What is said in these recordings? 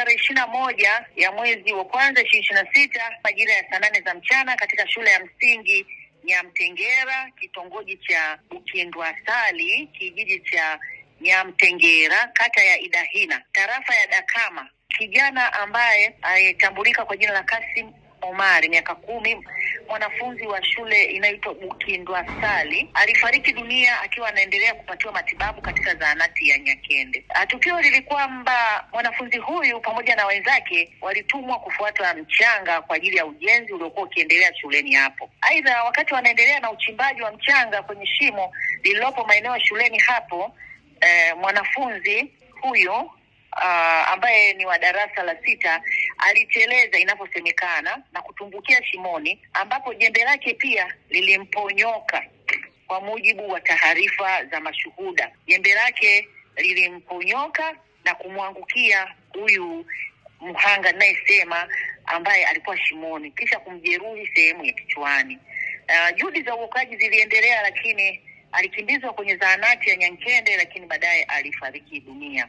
tarehe ishirini na moja ya mwezi wa kwanza ishirini na sita majira ya saa nane za mchana katika shule ya msingi Nyamtengera kitongoji cha Sali, kijiji cha Nyamtengera kata ya Idahina tarafa ya Dakama kijana ambaye alitambulika kwa jina la Kasim Omari miaka kumi mwanafunzi wa shule inayoitwa Bukindwa Sali alifariki dunia akiwa anaendelea kupatiwa matibabu katika zahanati ya Nyakende. Ah, tukio lilikuwa kwamba mwanafunzi huyu pamoja na wenzake walitumwa kufuata mchanga kwa ajili ya ujenzi uliokuwa ukiendelea shuleni hapo. Aidha, wakati wanaendelea na uchimbaji wa mchanga kwenye shimo lililopo maeneo ya shuleni hapo, eh, mwanafunzi huyo Uh, ambaye ni wa darasa la sita aliteleza inavyosemekana na kutumbukia shimoni ambapo jembe lake pia lilimponyoka. Kwa mujibu wa taarifa za mashuhuda, jembe lake lilimponyoka na kumwangukia huyu mhanga ninayesema, ambaye alikuwa shimoni, kisha kumjeruhi sehemu ya kichwani. Uh, juhudi za uokoaji ziliendelea, lakini alikimbizwa kwenye zahanati ya Nyankende, lakini baadaye alifariki dunia.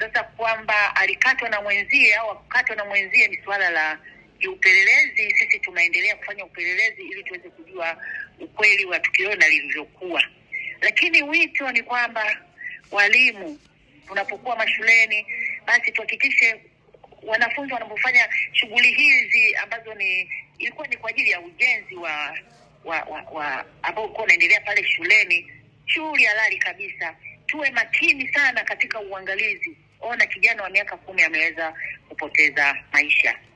Sasa kwamba alikatwa na mwenzie au akukatwa na mwenzie ni suala la kiupelelezi. Sisi tunaendelea kufanya upelelezi ili tuweze kujua ukweli wa tukio na lilivyokuwa, lakini wito ni kwamba walimu tunapokuwa mashuleni, basi tuhakikishe wanafunzi wanapofanya shughuli hizi ambazo ni ilikuwa ni kwa ajili ya ujenzi wa wa, wa, wa ambao ulikuwa unaendelea pale shuleni, shughuli halali kabisa, tuwe makini sana katika uangalizi ona kijana wa miaka kumi ameweza kupoteza maisha.